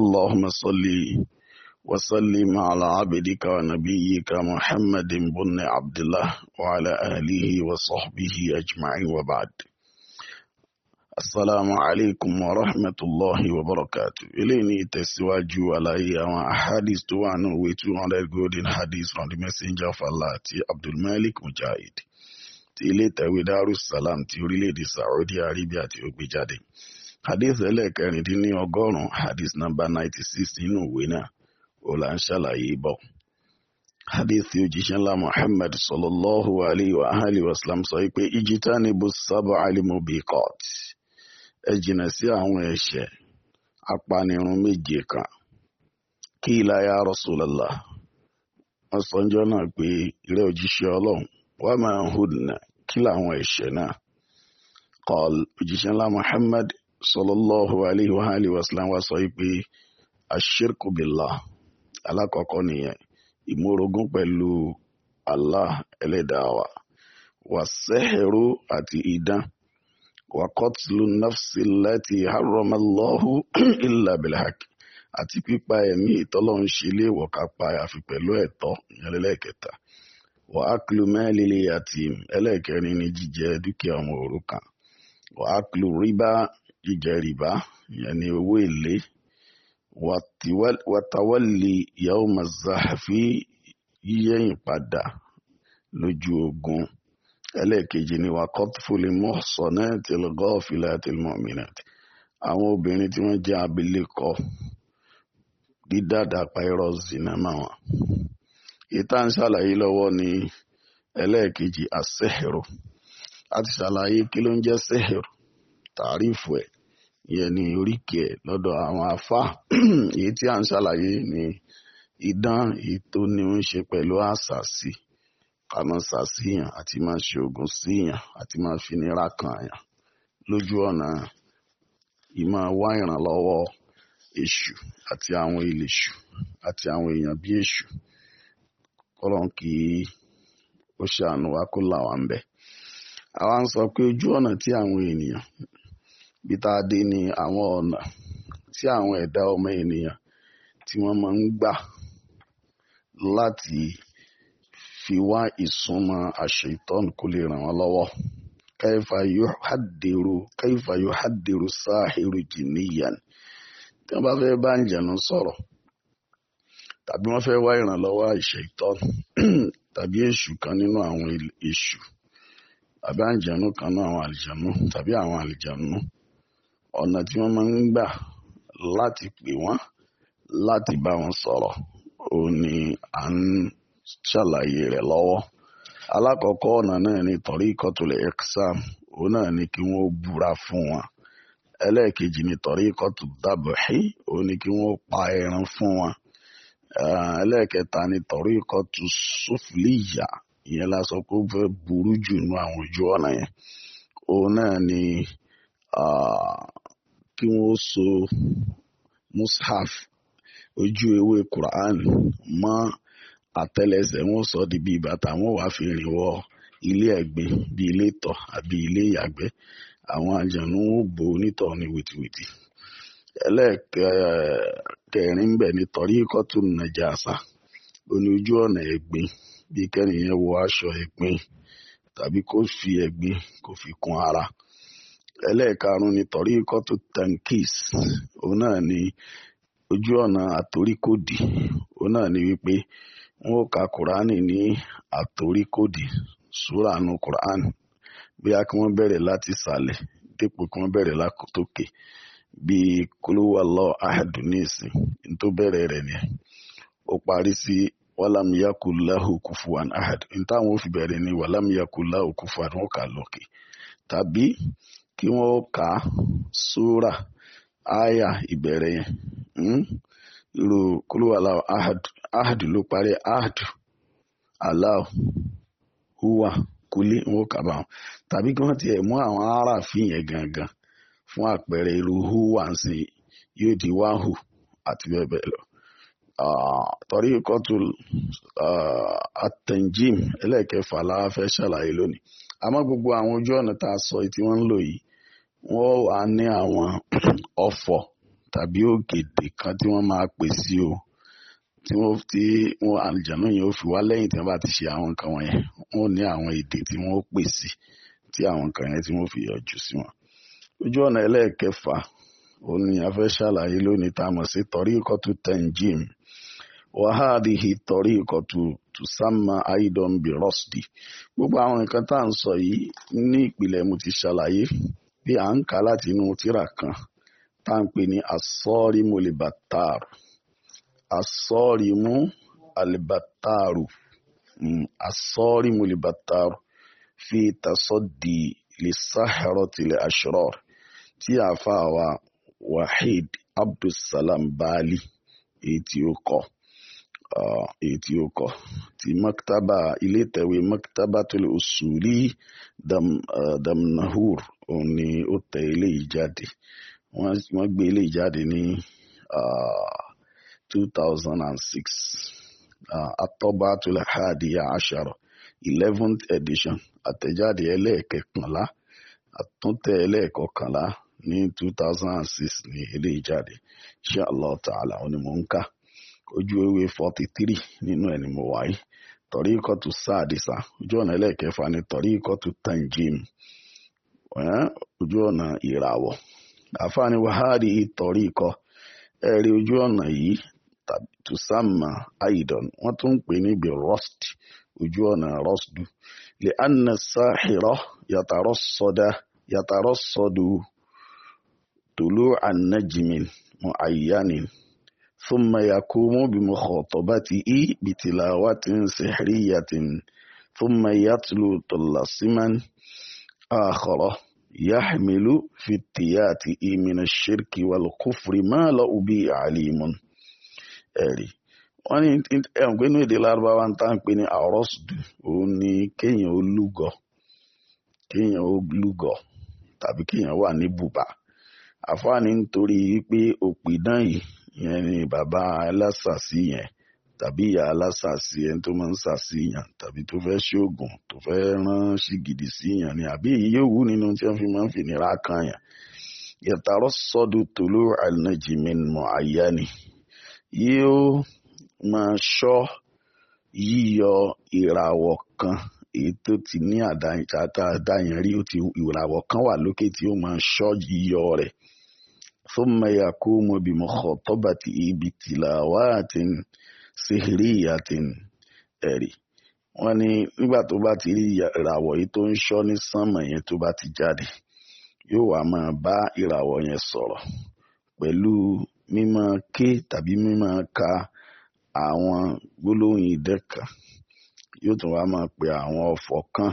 اللهم صل وسلم على عبدك ونبيك محمد بن عبد الله وعلى اله وصحبه اجمعين وبعد السلام عليكم ورحمة الله وبركاته إليني تسواجو علي حديث توانو ويتو على الجودين حديث عن المسنجر فالله عبد الملك مجاهد تيلي تاوي دارو السلام تيولي لدي سعودي عربية تيوبي جادين hadith ẹlẹ́ẹ̀kẹrìndínlọ́gọ́rùn-ún hadith number ninety six nínú ìwé náà ó là ń ṣàlàyé bọ̀. hadith òjíṣẹ́ ńlá muhammed sallallahu alayhi wa alayhi wa sọ pé iji sábà alimobiqat ẹ jìnnà sí àwọn ẹ̀ṣẹ̀ apanirun méje kan kí ìlàyà rasulallah wọ́n sọ ọjọ́ náà pé ilé òjíṣẹ́ ọlọ́run wa ma kí làwọn sọlọ́lọ́hu alayhi wa alayhi wa sallam wa sọ pé ashirku billah alákọ̀ọ́kọ́ nìyẹn ìmúrogún pẹ̀lú Allah ẹlẹ́dàá wa wà sẹ́hẹ̀rú àti idán wà kọ́tìlú nafsi láti haramallahu illa bilhaq àti pípa ẹ̀mí ìtọ́lọ́run ṣe léèwọ̀ ká pa àfi pẹ̀lú ẹ̀tọ́ ẹlẹ́kẹta wà ákìlú mẹ́lẹ́lẹ́ àti ẹlẹ́kẹrin ní jíjẹ dúkìá ọmọ òrukàn wà ákìlú rìbá jíjẹ rìbá ìyẹn ni owó èlé wàtàwọ́lì ìyàwó mazahafi yíyẹ̀yìn padà lójú ogun ẹlẹ́ẹ̀kejì ni wàkọ́tìfúlì mọ́sánẹ́ẹ̀tì lọ́gọ́ọ̀fìlà àti mọ́mìnàtì àwọn obìnrin tí wọ́n jẹ́ abilékọ dídàdà pàìrọ̀ zinama wọn ìta ń ṣàlàyé lọ́wọ́ ni ẹlẹ́ẹ̀kejì àṣẹ́hẹ̀rọ àti ṣàlàyé kí ló ń jẹ́ ṣẹ́hẹ̀rọ tàrífù ẹ̀ ìyẹn ní oríkì ẹ̀ lọ́dọ̀ àwọn afá èyí tí à ń ṣàlàyé ní idán èyí tó ní ń ṣe pẹ̀lú àṣàsí kàmọ́ ṣàṣìyàn àti máa ṣe oògùn síyàn àti máa fi nira kan àyàn lójú ọ̀nà ìmọ̀ wá ìrànlọ́wọ́ èṣù àti àwọn ìlèṣù àti àwọn èèyàn bí èṣù kọ́lọ́n kì í ó ṣàánú wa kó là ń bẹ̀. àwa ń sọ pé ojú ọ̀nà tí àwọn ènìyàn bí a dé ni àwọn tí àwọn ẹ̀dá ọmọ ènìyàn tí wọ́n máa ń gbà láti fi wá ìsúnmọ́ àṣetán kó lè ràn wọ́n lọ́wọ́ kaifa kaifa tí wọ́n bá fẹ́ bá ń jẹ̀nu sọ̀rọ̀ tàbí wọ́n fẹ́ wá ìrànlọ́wọ́ tàbí èṣù kan nínú àwọn èṣù àǹjẹ̀nu kan ọ̀nà tí wọ́n máa ń gbà láti pè wọ́n láti bá wọn sọ̀rọ̀ ó ní à ń ṣàlàyé rẹ̀ lọ́wọ́ alákọ̀ọ́kọ́ ọ̀nà náà ni tọ̀rí ìkọ́tulẹ̀ exam òun náà ni kí wọ́n búra fún wọn ẹlẹ́ẹ̀kejì ni tọ̀rí ìkọ́tù dábòhí òun ni kí wọ́n pa ẹran fún wọn ẹlẹ́ẹ̀kẹta ni tọ̀rí ìkọ́tù sófìlìyà ìyẹn la sọ pé ó fẹ́ burú jù nú àwọn ojú ọ̀nà yẹn òun ni kí wọ́n so mushaf ojú ewé quran mọ́ àtẹlẹsẹ̀ wọ́n sọ di bíi bàtà wọ́n wàá fi rìn wọ ilé ẹ̀gbin bíi ilé ìtọ̀ àbí ilé ìyàgbẹ́ àwọn àjànú ó bo onítọ̀ ní wìtìwìtì ẹlẹ́ẹ̀kẹrin bẹ̀ ní torí kọ́tù àṣà oní ojú ọ̀nà ẹ̀gbin bíi kẹ́nìyẹn wọ aṣọ ẹ̀gbin tàbí kó fi ẹ̀gbin kó fi kun ara ẹlẹ́ẹ̀karùn-ún ni tọ̀rí kọ́tù tankis òun náà ni ojú ọ̀nà àtoríkòdì òun náà ni wípé nwoke ó ka kùránì ní àtoríkòdì súrà nu kùránì bóyá kí wọ́n bẹ̀rẹ̀ láti sàlẹ̀ dípò kí wọ́n bẹ̀rẹ̀ lákòótókè bíi kúlúwàlọ́ ahadunisi tó bẹ̀rẹ̀ rẹ̀ ni ó parí sí wàlámìyàkùláhù kùfùwàn bẹ̀rẹ̀ ni wàlámìyàkùláhù kùfùwàn ó kà lókè tàbí kí wọ́n ó kà á súrà àyà ìbẹ̀rẹ̀ yẹn hmm? irú kúlúwàlá ahad ló parí ahad aláwọ̀ húwà kúlí wọn ó kà bá wọn tàbí kí wọ́n tiẹ̀ mú àwọn aráàfin yẹn gangan fún àpẹẹrẹ irú húwà ń sìn yóò di wáhù àti bẹ́ẹ̀ bẹ́ẹ̀ lọ. torí kọ́tù àtẹ̀njìm ẹlẹ́ẹ̀kẹfà la fẹ́ ṣàlàyé lónìí àmọ́ gbogbo àwọn ojú ọ̀nà tá a sọ tí wọ́n ń lò yìí wọ́n wà ní àwọn ọ̀fọ̀ tàbí ògèdè kan tí wọ́n máa pè sí o tí wọ́n tí wọ́n àlùjànnú yẹn ó fi wá lẹ́yìn tí wọ́n bá ti ṣe àwọn nǹkan wọ̀nyẹn wọ́n ní àwọn èdè tí wọ́n pè sí tí àwọn nǹkan yẹn tí wọ́n fi yọjú sí wọn. ojú ọ̀nà ẹlẹ́ẹ̀kẹfà ó ní a fẹ́ ṣàlàyé lónìí tá a mọ̀ sí tọ́rí ìkọ́tù tẹ̀ǹjìm wàhádìhì tọ́rí ìkọ́tù tùsámà àìdọ̀nbì rọ́sdì gbogbo àwọn nǹkan tá à ń sọ yìí ní ìpìlẹ̀ mo ti ṣàlàyé bí à ń kà láti inú tírà kan tá à ń pè ní asọ́rímù alibataaru asọ́rímù alibataaru asọ́rímù alibataaru fi tasọ́dì lè sáhẹ̀rọ̀ tilẹ̀ aṣọ́rọ̀ tí àáfàá wa wahid abdulsalam baali èyí tí ó kọ èyí tí ó kọ ti maktaba ilé ìtẹ̀wé maktaba tó lè usuli damnahur òun ni ó tẹ eléyìí jáde wọ́n gbé eléyìí jáde ní two thousand and six atọ́ba tulẹ̀ hadiya ashara eleventh edition àtẹ̀jáde ẹlẹ́ẹ̀kẹkànlá àtúntẹ̀ ẹlẹ́ẹ̀kọkànlá ní two thousand and six ní eléyìí jáde insha Allah òun ni mò ń kà ojú ewé forty three nínú ẹ̀ ni mo wáyé tọ̀rí ikọ̀ tu sáàdìsá ojú ọ̀nà ẹlẹ́ẹ̀kẹfà ni torí ikọ̀ tu tanjim ojú ọ̀nà ìràwọ̀ àfáàní wàhálì ìtọ̀rí ikọ̀ ẹ̀rí ojú ọ̀nà yìí tùsàmà àìdàn wọ́n tún ń pè ní bí rust ojú ọ̀nà rọ́sdù lè anna sáhìrọ́ yàtàrọ́ sọdá yàtàrọ́ sọdù tòlú ànájìmìn mọ àyíyáni thumma yakumu bí mo kọ̀ tọ́ba ti í bìtìlà wá ti ń sèhírí yàtìn thumma yàtìlù tọ̀là símán akhara يحمل في ìmìnà ṣírkì الشرك والكفر ما lọ ubi alimun ẹ̀rí wọ́n ní ẹ̀hún pé inú èdè lárúbáwá ń tá ń pè ní àrọ́sùdù òun ni kéèyàn ó lúgọ kéèyàn ó lúgọ tàbí kéèyàn wà ní bùbá àfáàní nítorí pé òpìdán yìí ìyẹn ni bàbá alásàsí yẹn tàbí ìyá alásàsí ẹni tó máa ń sàṣìyàn tàbí tó fẹ́ ṣoògùn tó fẹ́ rán ṣìgìdì síyàn ni àbí èyí yóò wú nínú tí wọ́n fi máa ń fi nira kan yàn yàtàrọ́ sọ́dún tòló àìnájìmín mọ́ àyà ni yóò máa ṣọ́ yíyọ ìràwọ̀ kan èyí tó ti ní àdáyàn rí ìràwọ̀ kan wà lókè tí ó máa ṣọ́ yíyọ rẹ̀ thumma yakumu bi mukhatabati bi tilawatin sihiriyatin ẹ̀rí wọ́n ní nígbà tó bá ti rí ìràwọ̀ yìí tó ń ṣọ́ ní sánmọ̀ yẹn tó bá ti jáde yóò wá máa bá ìràwọ̀ yẹn sọ̀rọ̀ pẹ̀lú mímọ̀ ké tàbí mímọ̀ ka àwọn gbólóhùn idẹ kan yóò tún wá máa pe àwọn ọ̀fọ̀ kan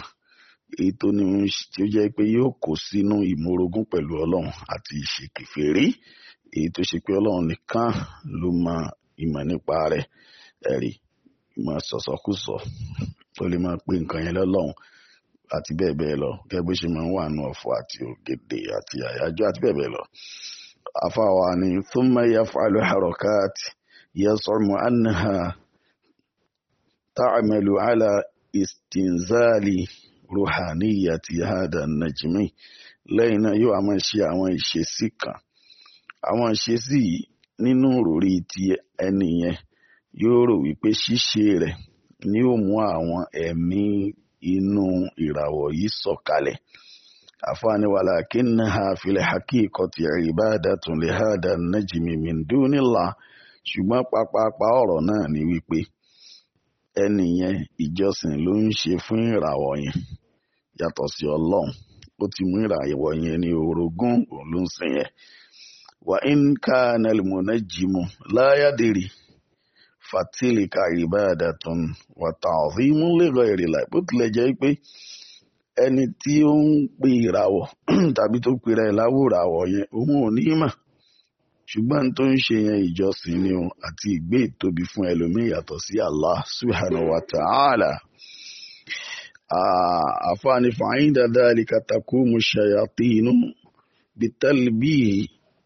èyí tó ní tí ó jẹ́ pé yóò kó sínú ìmórogún pẹ̀lú ọlọ́run àti ìṣèkèfèrí èyí tó ṣe pé ọlọ́run nìkan ló mọ ìmọ̀ nípa rẹ̀ ẹ̀rí ìmọ̀ sọ̀sọ́kùsọ tó lè máa pe nǹkan yẹn lọ́lọ́run àti bẹ́ẹ̀ bẹ́ẹ̀ lọ gẹ́gẹ́ bó ṣe máa ń wà nù ọ̀fọ̀ àti ògèdè àti àyájọ́ àti bẹ́ẹ̀ bẹ́ẹ̀ lọ. àfàwà ni thumma yaf'alu harakat yasamu annaha ta'malu ala istinzali ruhaniyati hada najmi lẹ́yìn náà yóò máa ṣe àwọn ìṣesí kan àwọn ìṣesí yìí nínú òròrí ti ẹni yẹn yóò rò wípé ṣíṣe rẹ ni ó mú àwọn ẹ̀mí inú ìràwọ̀ yìí sọ̀kalẹ̀ àfààní wàlá kí ní ha filẹ̀ hakí ìkọtì ìbáàdà tún lè ha dà najmi min dunillah ṣùgbọn pápápá ọrọ náà ni wípé ẹni yẹn ìjọsìn ló ń ṣe fún ìràwọ̀ yẹn yàtọ̀ sí ọlọ́run ó ti mú ìràwọ̀ yẹn ní orogún òun ló ń sìn yẹn وإن كان ká nàlùmọ́nà jìmọ̀ láyàdìrì fatilika ibadatun wà ta'zimu li ghayri Allah bó tilẹ̀ jẹ́ pé ẹni tí ó ń pe ìràwọ̀ tàbí tó pera ẹ̀ láwòràwọ̀ yẹn òun ò ní mà ṣùgbọ́n tó ń ṣe yẹn ìjọsìn ni o àti ìgbé ìtóbi fún ẹlòmíì yàtọ̀ sí Allah subhanahu wa ta'ala àfààní fàáyín dáadáa lè kàtàkùn mu ṣayàtìnú bìtẹ́lì bíi.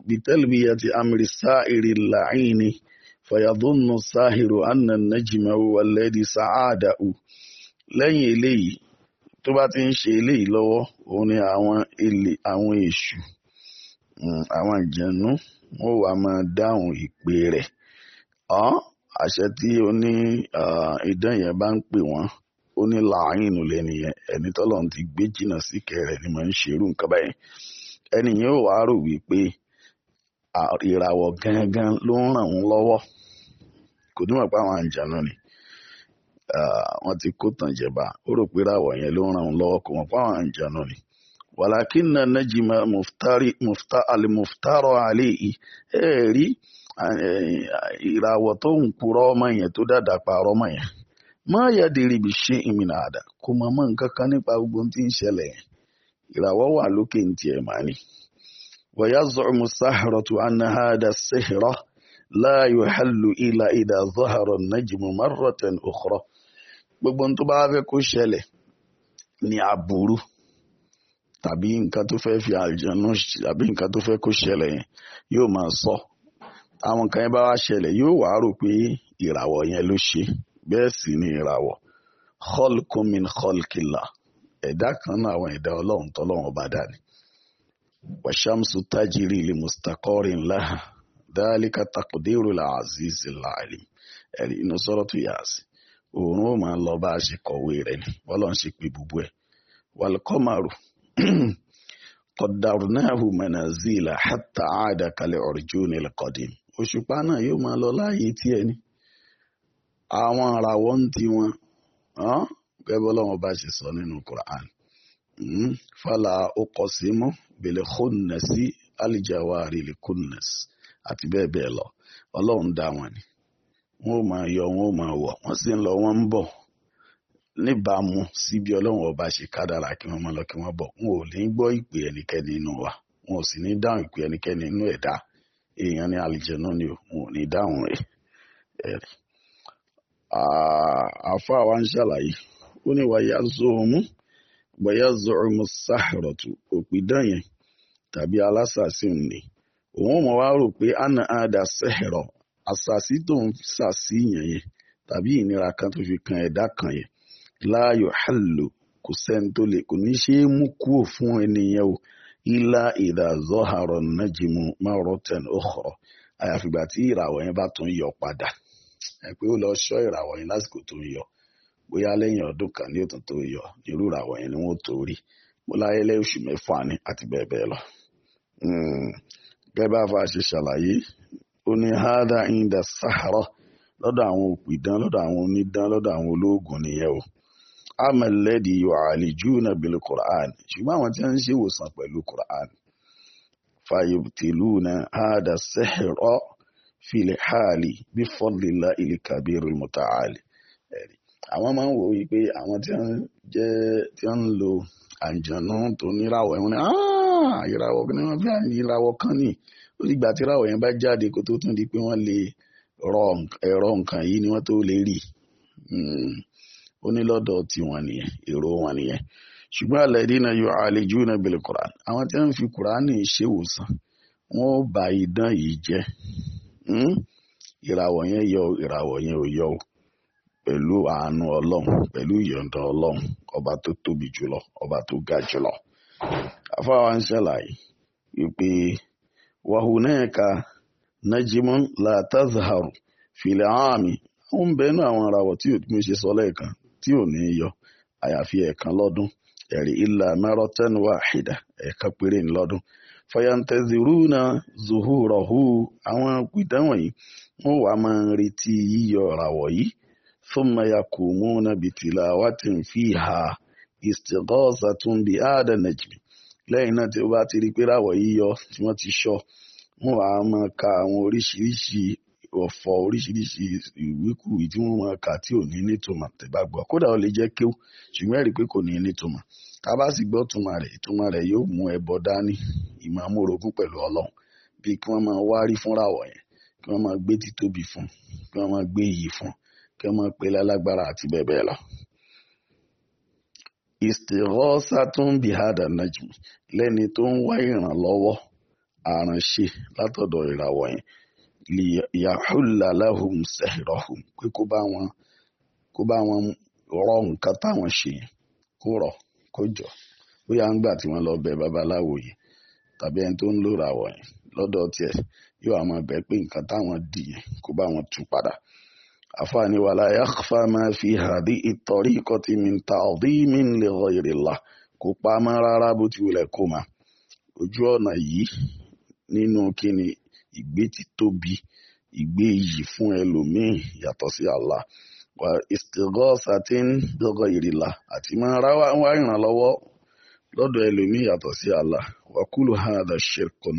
بتلبية أمر السائر اللعين فيظن الساهر أن النجم هو الذي سعاده lẹ́yìn eléyìí tó bá ti ń ṣe eléyìí lọ́wọ́ òun ni àwọn èlé àwọn èṣù hmm, àwọn àjẹnú wọn ò wá máa dáhùn ìpè rẹ̀ ọ́n àṣẹ tí ó ní idán yẹn bá ń pè wọ́n ó ní làáyìn lẹ́nìyẹn ẹni tọ́lọ́run ti gbé jìnnà sí kẹrẹ̀ ni mo ń ṣerú nǹkan báyìí ẹni yẹn ò wá rò wípé ìràwọ̀ gangan ló ń ràn wọ́n lọ́wọ́ kò túmọ̀ pé àwọn àǹjànú ni wọ́n ti kó tàn jẹ̀bà ó rò pé ìràwọ̀ yẹn ló ń ràn wọ́n lọ́wọ́ kò mọ̀ pé àwọn àǹjànú ni. wàlákìnnà najima muftari mufta alimuftaro aleyi ẹ rí ìràwọ̀ tó ń purọ́ ọmọ yẹn tó dáadáa parọ́ ọmọ yẹn má yà dèrè bí ṣe ìmìnà kò mọ̀ mọ́ nǹkan kan nípa gbogbo ويزعم السحرة أن هذا السحر لا يحل إلا إذا ظهر النجم مرة أخرى gbogbo tó bá fẹ́ kó ṣẹlẹ̀ ní aburú tàbí nǹkan tó fẹ́ fi àlùjànnú tàbí nǹkan tó fẹ́ kó ṣẹlẹ̀ yẹn yóò máa sọ àwọn nǹkan yẹn bá wá ṣẹlẹ̀ yóò wá rò pé ìràwọ̀ yẹn ló ṣe bẹ́ẹ̀ sì ni ìràwọ̀ khalqun min khalqillah ẹ̀dá kan náà àwọn ẹ̀dá ọlọ́run tọ́lọ́run ọba dá wàṣàmùsù tajiri lè mùsítàkọ́rì ńlá dáálíkà takùdérò làásìsì láàrin ẹ̀rí inú sọ́rọ̀ tó yà sí òórùn ó máa lọ bá a ṣe kọ̀wé rẹ̀ ni bọ́lá ń ṣe pé bùbú ẹ̀ wàlùkọ́màrù kọ̀dàrúnáhù mẹ́nàzílà hátà àdàkalẹ̀ ọ̀rẹ́jú nílẹ̀ kọ́dín òṣùpá náà yóò máa lọ láàyè tiẹ̀ ni àwọn àràwọ̀ ń tiwọn gẹ́gẹ́ bọ́lá wọn bá ṣe sọ nínú Qur'an fàlà uqsimu bil khunnasi aljawaril khunnas àti bẹ́ẹ̀ bẹ́ẹ̀ lọ ọlọ́run dá wọn ni wọn ò máa yọ wọn ò máa wọ̀ wọ́n sì ń lọ wọ́n ń bọ̀ níbàámu sí bí ọlọ́run ọba ṣe kádàrà kí wọ́n máa lọ kí wọ́n bọ̀ wọn ò ní gbọ́ ìpè ẹnikẹ́ni inú wa wọn ò sì ní dáhùn ìpè ẹnikẹ́ni inú ẹ̀dá èèyàn ní àlìjẹ̀nú ni wọn ò ní dáhùn rẹ̀ ẹ̀rí. wa ń ṣàlàyé ó ní wàyà zoomù bóyá zọ́ọ̀mù sáhàrọ̀tù òpìdán yẹn tàbí alásàsí ni òun mọ̀ wá rò pé àna àdà sẹ́hẹ̀rọ̀ àsàsí tó ń sàsí yẹn yẹn tàbí ìnira kan tó fi kan ẹ̀dá kan yẹn láàyò hàlò kò sẹ́ni tó lè kò ní ṣe é mú kúrò fún ènìyàn o ilá ìdá zọ́hàrọ̀ nájìmù márùtẹ̀n òkọ̀rọ̀ àyàfìgbà tí ìràwọ̀ yẹn bá tún yọ padà ẹ pé ó lọ ṣọ́ ìràwọ̀ yẹn lásìkò tó ń yọ bóyá lẹ́yìn ọdún kan ní òtún tó yọ irú ìràwọ̀ yẹn ni wọ́n tó rí mo láyé lé oṣù mẹ́fà ni àti bẹ́ẹ̀ lọ. Hmm. gẹ́gẹ́ bá fa ṣe ṣàlàyé ó ní sàárọ̀ lọ́dọ̀ àwọn lọ́dọ̀ àwọn onídán lọ́dọ̀ àwọn olóògùn nìyẹn o amẹ̀lẹ́dì yóò àlejò náà bẹ̀lẹ̀ quran ṣùgbọ́n àwọn tí wọ́n ń ṣe ìwòsàn pẹ̀lú quran bí àwọn máa ń wò yí pé àwọn tí wọ́n jẹ́ tí wọ́n ń lo àǹjọ̀nú tó níràwọ̀ ẹ̀wọ̀n ni ah, ìràwọ̀ kan ní wọ́n fi àyìn ìràwọ̀ kan nì ó ti gbà tí ìràwọ̀ yẹn bá jáde kó tó tún di pé wọ́n lè rọ ẹ̀rọ nǹkan yìí ni wọ́n tó lè rí hmm. ó ní lọ́dọ̀ tiwọn nìyẹn èrò wọn nìyẹn ṣùgbọ́n alladhina yu'alajuna bil Qur'an àwọn tí wọ́n fi Qur'an ṣèwòsàn wọ́n bá idán yìí jẹ́ hmm. ìràwọ̀ yẹn yọ ìràwọ̀ yẹn ò yọ o. pẹ̀lú àánú ọlọ́run pẹ̀lú ìyọ̀ǹda ọlọ́run ọba tó tóbi jùlọ ọba tó ga jùlọ. afáwa ń ṣàlàyé wípé wàhùnẹ́ẹ̀ka najimun latazharu filẹ̀ ń bẹnu àwọn Arawọ tí mo ṣe sọ lẹ́ẹ̀kan tí ò ní yọ àyàfi ẹ̀ẹ̀kan lọ́dún ẹ̀rí ilà mẹ́rọ́tẹ́n wàhídà ẹ̀ẹ̀kan péré lọ́dún zuhurahu àwọn wọ́n wà máa ń retí yíyọ yìí ثم يقومون بتلاوة فيها استغاثة بهذا النجم lẹ́yìn náà tí ó bá ti rí pé ráwọ̀ yíyọ tí wọ́n ti sọ wọ́n wàá máa ka àwọn oríṣiríṣi ọ̀fọ̀ oríṣiríṣi ìwíkúwìí tí wọ́n máa kà tí ò ní nítumọ̀ tẹ̀bá kódà ó lè jẹ́ kéwù ṣùgbọ́n ẹ̀rí pé kò ní nítumọ̀ tá a bá sì gbọ́ túmọ̀ rẹ̀ ìtumọ̀ rẹ̀ yóò mú ẹbọ dání ìmọ̀ amórogún pẹ̀lú ọlọ́run bíi kí wọ́n máa wárí fúnra wọ̀ kí wọ́n máa gbé títóbi fún kí wọ́n máa gbé iyì fún kí wọ́n máa pè lálágbára àti bẹ́ẹ̀ bẹ́ẹ̀ lọ. ìsìtìrọ́sá tó ń bì hàdà najmi lẹ́ni tó ń wá ìrànlọ́wọ́ àránṣe látọ̀dọ̀ ìràwọ̀ yẹn yàhùlà láhùm sẹ́hìrọ̀hùm pé kó bá wọn kó bá wọn rọ nǹkan táwọn ṣe yẹn kó rọ kó jọ bóyá ń gbà tí wọ́n lọ bẹ babaláwo yẹn tàbí ẹni tó ń lò yẹn lọ́dọ̀ tiẹ̀ yóò àwọn bẹ̀ pé nǹkan táwọn dì yẹn kó bá wọn tú padà. afaani wàlá yakhfa ma fi hadi itoriqati min ta'dhimin li ghayrillah kò pa mọ́ rárá bó ti wulẹ̀ kó oju ojú yi yìí nínú igbe ìgbé ti tóbi ìgbé iyì fún ẹlòmíì yàtọ̀ sí Allah wà istighosatin bi ghayrillah àti máa ráwá wá ìrànlọ́wọ́ lọ́dọ̀ ẹlòmíì yàtọ̀ si Allah wà kullu hadha shirkun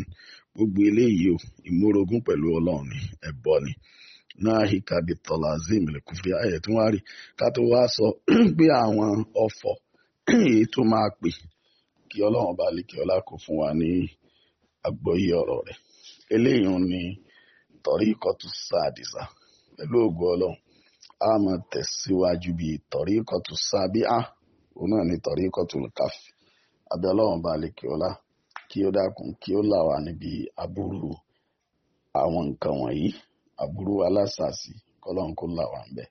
gbogbo eléyìí o ìmúrogún pẹ̀lú ọlọ́run ẹ̀bọ ni. na bí tọ́lá zimile kúfúrí ayẹ̀ tí wọ́n tó wá sọ gbé àwọn ọfọ èyí tó máa pè kí ọlọ́run bá lè kí ọlá fún wa ní rẹ eléyìí ni tọ́rí ìkọ́tù sáàdìsá ògùn a máa tẹ̀síwájú bíi tọ́rí ìkọ́tù sábíà òun náà ni káfí bá lè kí ọlá kí ó dákun kí ó là wá aburú alásàsì kọ́lọ́n kó là wá ń bẹ̀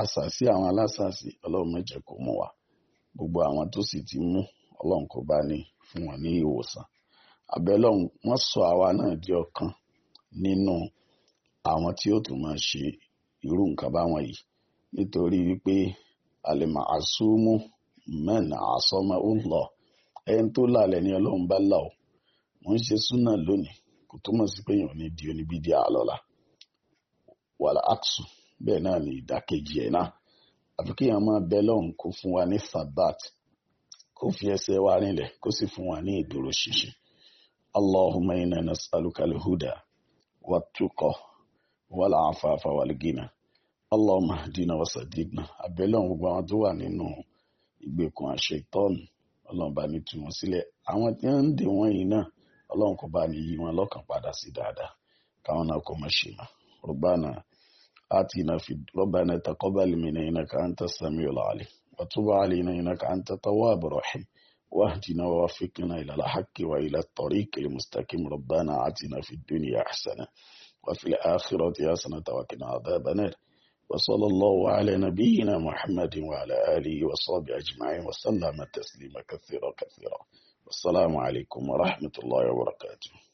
àsàsì àwọn alásàsì ọlọ́run má jẹ́ kó mú wa gbogbo àwọn tó sì ti mú ọlọ́run kó bá ní fún wọn ní ìwòsàn àbẹ́lọ́run wọ́n sọ àwa náà di ọ̀kan nínú àwọn tí ó tún máa ṣe irú nǹkan báwọn yìí nítorí wípé àlèmọ̀ àsúmú mẹ́nà àsọmọ ó ń lọ ẹni tó lálẹ́ ní ọlọ́run bá là ó mo ń ṣe súnà lónìí kò túmọ̀ sí pé èèyàn ní di oníbídíà lọ́la wàlà àkṣù bẹ́ẹ̀ náà ni ìdàkejì ẹ̀ náà àfi kí máa bẹ lọ́hùn kó fún wa ní sabat kó fi ẹsẹ̀ wa rinlẹ̀ kó sì fún wa ní ìdúró ṣinṣin allahumma inna nas'aluka huda wa tuqa wal afafa wal gina allahumma hdina wa gbogbo àwọn tó wà nínú ní sílẹ̀ àwọn tí ربنا آتنا في ربنا تقبل من إنك أنت السميع العليم وتب علينا إنك أنت تواب رحيم واهدنا ووفقنا إلى الحق وإلى الطريق المستقيم ربنا آتنا في الدنيا حسنة وفي الآخرة حسنة وقنا عذاب النار وصلى الله على نبينا محمد وعلى آله وصحبه أجمعين وسلم تسليما كثيرا كثيرا والسلام عليكم ورحمة الله وبركاته